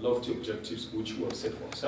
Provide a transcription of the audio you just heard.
lofty objectives which we have set for ourselves.